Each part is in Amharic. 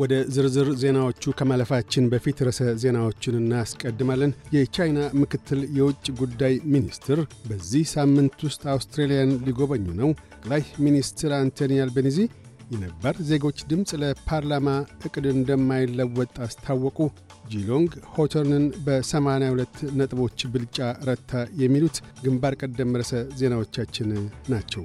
ወደ ዝርዝር ዜናዎቹ ከማለፋችን በፊት ርዕሰ ዜናዎችን እናስቀድማለን። የቻይና ምክትል የውጭ ጉዳይ ሚኒስትር በዚህ ሳምንት ውስጥ አውስትራሊያን ሊጎበኙ ነው። ጠቅላይ ሚኒስትር አንቶኒ አልቤኒዚ የነባር ዜጎች ድምፅ ለፓርላማ እቅድ እንደማይለወጥ አስታወቁ። ጂሎንግ ሆተርንን በ82 ነጥቦች ብልጫ ረታ። የሚሉት ግንባር ቀደም ርዕሰ ዜናዎቻችን ናቸው።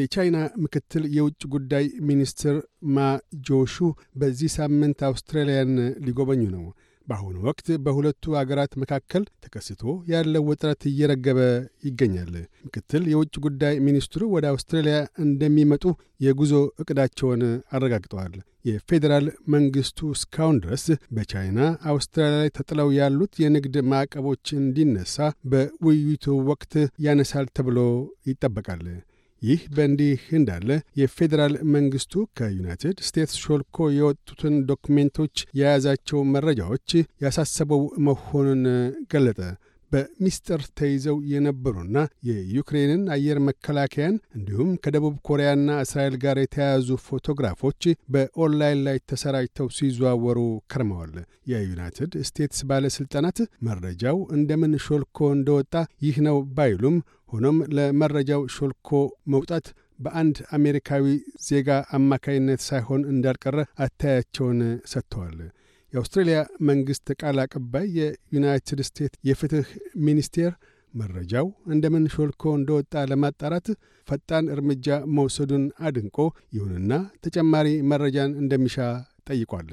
የቻይና ምክትል የውጭ ጉዳይ ሚኒስትር ማጆሹ በዚህ ሳምንት አውስትራሊያን ሊጎበኙ ነው። በአሁኑ ወቅት በሁለቱ አገራት መካከል ተከስቶ ያለው ውጥረት እየረገበ ይገኛል። ምክትል የውጭ ጉዳይ ሚኒስትሩ ወደ አውስትራሊያ እንደሚመጡ የጉዞ እቅዳቸውን አረጋግጠዋል። የፌዴራል መንግሥቱ እስካሁን ድረስ በቻይና አውስትራሊያ ላይ ተጥለው ያሉት የንግድ ማዕቀቦች እንዲነሳ በውይይቱ ወቅት ያነሳል ተብሎ ይጠበቃል። ይህ በእንዲህ እንዳለ የፌዴራል መንግስቱ ከዩናይትድ ስቴትስ ሾልኮ የወጡትን ዶክሜንቶች የያዛቸው መረጃዎች ያሳሰበው መሆኑን ገለጠ። በሚስጥር ተይዘው የነበሩና የዩክሬንን አየር መከላከያን እንዲሁም ከደቡብ ኮሪያና እስራኤል ጋር የተያያዙ ፎቶግራፎች በኦንላይን ላይ ተሰራጭተው ሲዘዋወሩ ከርመዋል። የዩናይትድ ስቴትስ ባለሥልጣናት መረጃው እንደምን ሾልኮ እንደወጣ ይህ ነው ባይሉም ሆኖም ለመረጃው ሾልኮ መውጣት በአንድ አሜሪካዊ ዜጋ አማካይነት ሳይሆን እንዳልቀረ አታያቸውን ሰጥተዋል። የአውስትሬልያ መንግሥት ቃል አቀባይ የዩናይትድ ስቴትስ የፍትሕ ሚኒስቴር መረጃው እንደምን ሾልኮ እንደወጣ ለማጣራት ፈጣን እርምጃ መውሰዱን አድንቆ፣ ይሁንና ተጨማሪ መረጃን እንደሚሻ ጠይቋል።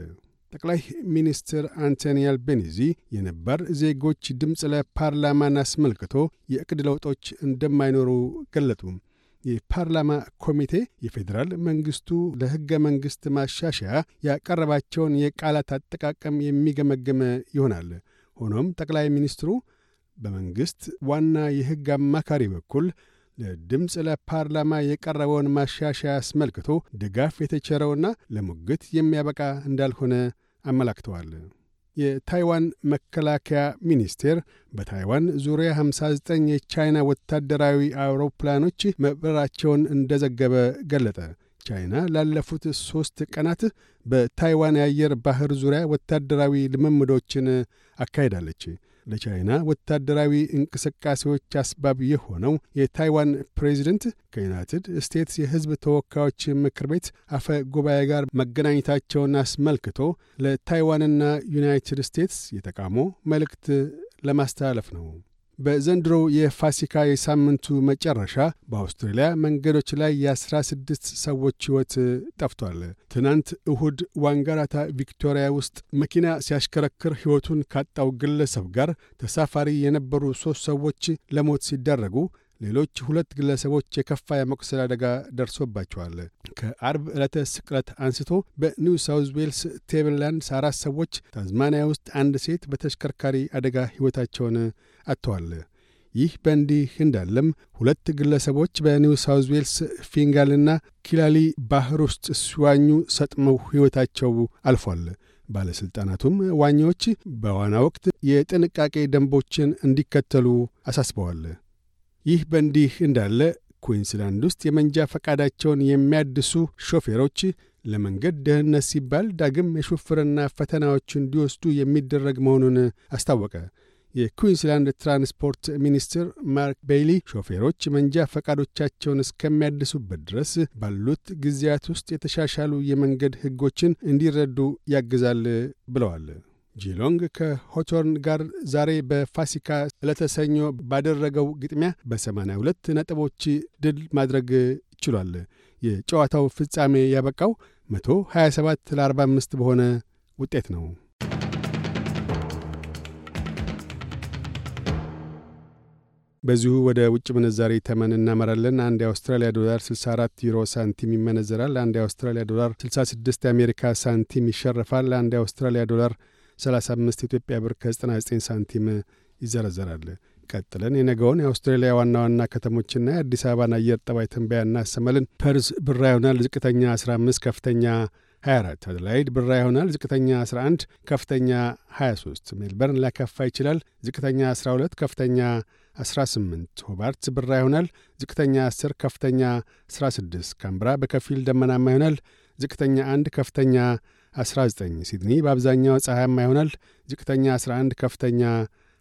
ጠቅላይ ሚኒስትር አንቶኒ አልቤኒዚ የነባር ዜጎች ድምፅ ለፓርላማን አስመልክቶ የእቅድ ለውጦች እንደማይኖሩ ገለጡ። የፓርላማ ኮሚቴ የፌዴራል መንግስቱ ለሕገ መንግሥት ማሻሻያ ያቀረባቸውን የቃላት አጠቃቀም የሚገመግም ይሆናል። ሆኖም ጠቅላይ ሚኒስትሩ በመንግሥት ዋና የሕግ አማካሪ በኩል ለድምፅ ለፓርላማ የቀረበውን ማሻሻያ አስመልክቶ ድጋፍ የተቸረውና ለሙግት የሚያበቃ እንዳልሆነ አመላክተዋል። የታይዋን መከላከያ ሚኒስቴር በታይዋን ዙሪያ 59 የቻይና ወታደራዊ አውሮፕላኖች መብረራቸውን እንደዘገበ ገለጠ። ቻይና ላለፉት ሦስት ቀናት በታይዋን የአየር ባህር ዙሪያ ወታደራዊ ልምምዶችን አካሂዳለች። ለቻይና ወታደራዊ እንቅስቃሴዎች አስባብ የሆነው የታይዋን ፕሬዚደንት ከዩናይትድ ስቴትስ የሕዝብ ተወካዮች ምክር ቤት አፈ ጉባኤ ጋር መገናኘታቸውን አስመልክቶ ለታይዋንና ዩናይትድ ስቴትስ የተቃውሞ መልእክት ለማስተላለፍ ነው። በዘንድሮ የፋሲካ የሳምንቱ መጨረሻ በአውስትሬልያ መንገዶች ላይ የአስራ ስድስት ሰዎች ሕይወት ጠፍቷል። ትናንት እሁድ ዋንጋራታ ቪክቶሪያ ውስጥ መኪና ሲያሽከረክር ሕይወቱን ካጣው ግለሰብ ጋር ተሳፋሪ የነበሩ ሦስት ሰዎች ለሞት ሲደረጉ፣ ሌሎች ሁለት ግለሰቦች የከፋ የመቁሰል አደጋ ደርሶባቸዋል። ከአርብ ዕለተ ስቅለት አንስቶ በኒው ሳውዝ ዌልስ ቴብልላንድ አራት ሰዎች፣ ታዝማኒያ ውስጥ አንድ ሴት በተሽከርካሪ አደጋ ሕይወታቸውን አጥተዋል። ይህ በእንዲህ እንዳለም ሁለት ግለሰቦች በኒው ሳውዝ ዌልስ ፊንጋልና ኪላሊ ባህር ውስጥ ሲዋኙ ሰጥመው ሕይወታቸው አልፏል። ባለሥልጣናቱም ዋኚዎች በዋና ወቅት የጥንቃቄ ደንቦችን እንዲከተሉ አሳስበዋል። ይህ በእንዲህ እንዳለ ኩዊንስላንድ ውስጥ የመንጃ ፈቃዳቸውን የሚያድሱ ሾፌሮች ለመንገድ ደህንነት ሲባል ዳግም የሹፍርና ፈተናዎች እንዲወስዱ የሚደረግ መሆኑን አስታወቀ። የኩዊንስላንድ ትራንስፖርት ሚኒስትር ማርክ ቤይሊ ሾፌሮች መንጃ ፈቃዶቻቸውን እስከሚያድሱበት ድረስ ባሉት ጊዜያት ውስጥ የተሻሻሉ የመንገድ ሕጎችን እንዲረዱ ያግዛል ብለዋል። ጂሎንግ ከሆቶርን ጋር ዛሬ በፋሲካ ለተሰኞ ባደረገው ግጥሚያ በ82 ነጥቦች ድል ማድረግ ችሏል። የጨዋታው ፍጻሜ ያበቃው 127 ለ45 በሆነ ውጤት ነው። በዚሁ ወደ ውጭ ምንዛሪ ተመን እናመራለን። አንድ የአውስትራሊያ ዶላር 64 ዩሮ ሳንቲም ይመነዘራል። አንድ የአውስትራሊያ ዶላር 66 የአሜሪካ ሳንቲም ይሸርፋል። አንድ የአውስትራሊያ ዶላር 35 ኢትዮጵያ ብር ከ99 ሳንቲም ይዘረዘራል። ቀጥለን የነገውን የአውስትራሊያ ዋና ዋና ከተሞችና የአዲስ አበባን አየር ጠባይ ትንበያ እናሰማለን። ፐርዝ ብራ ይሆናል፣ ዝቅተኛ 15፣ ከፍተኛ 24። አደላይድ ብራ ይሆናል፣ ዝቅተኛ 11፣ ከፍተኛ 23። ሜልበርን ሊያካፋ ይችላል፣ ዝቅተኛ 12፣ ከፍተኛ 18። ሆባርት ብራ ይሆናል፣ ዝቅተኛ 10፣ ከፍተኛ 16። ካምብራ በከፊል ደመናማ ይሆናል፣ ዝቅተኛ 1፣ ከፍተኛ 19 ሲድኒ በአብዛኛው ፀሐያማ ይሆናል። ዝቅተኛ 11 ከፍተኛ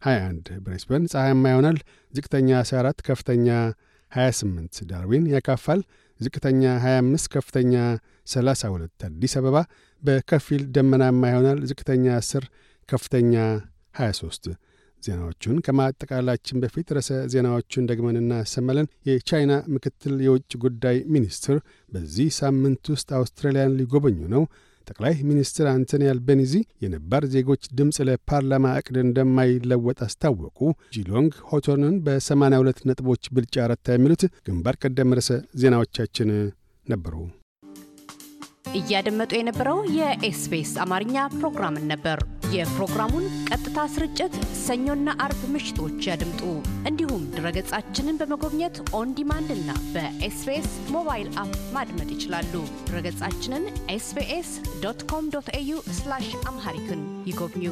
21 ብሬስበን ፀሐያማ ይሆናል። ዝቅተኛ 14 ከፍተኛ 28 ዳርዊን ያካፋል። ዝቅተኛ 25 ከፍተኛ 32 አዲስ አበባ በከፊል ደመናማ ይሆናል። ዝቅተኛ 10 ከፍተኛ 23 ዜናዎቹን ከማጠቃላችን በፊት ርዕሰ ዜናዎቹን ደግመን እናሰማለን። የቻይና ምክትል የውጭ ጉዳይ ሚኒስትር በዚህ ሳምንት ውስጥ አውስትራሊያን ሊጎበኙ ነው። ጠቅላይ ሚኒስትር አንቶኒ አልቤኒዚ የነባር ዜጎች ድምፅ ለፓርላማ እቅድ እንደማይለወጥ አስታወቁ። ጂሎንግ ሆቶንን በ82 ነጥቦች ብልጫ ረታ። የሚሉት ግንባር ቀደም ርዕሰ ዜናዎቻችን ነበሩ። እያደመጡ የነበረው የኤስቢኤስ አማርኛ ፕሮግራምን ነበር። የፕሮግራሙን ቀጥታ ስርጭት ሰኞና አርብ ምሽቶች ያድምጡ። እንዲሁም ድረገጻችንን በመጎብኘት ኦንዲማንድ እና በኤስቤስ ሞባይል አፕ ማድመጥ ይችላሉ። ድረገጻችንን ኤስቤስ ዶት ኮም ዶት ኤዩ አምሃሪክን ይጎብኙ።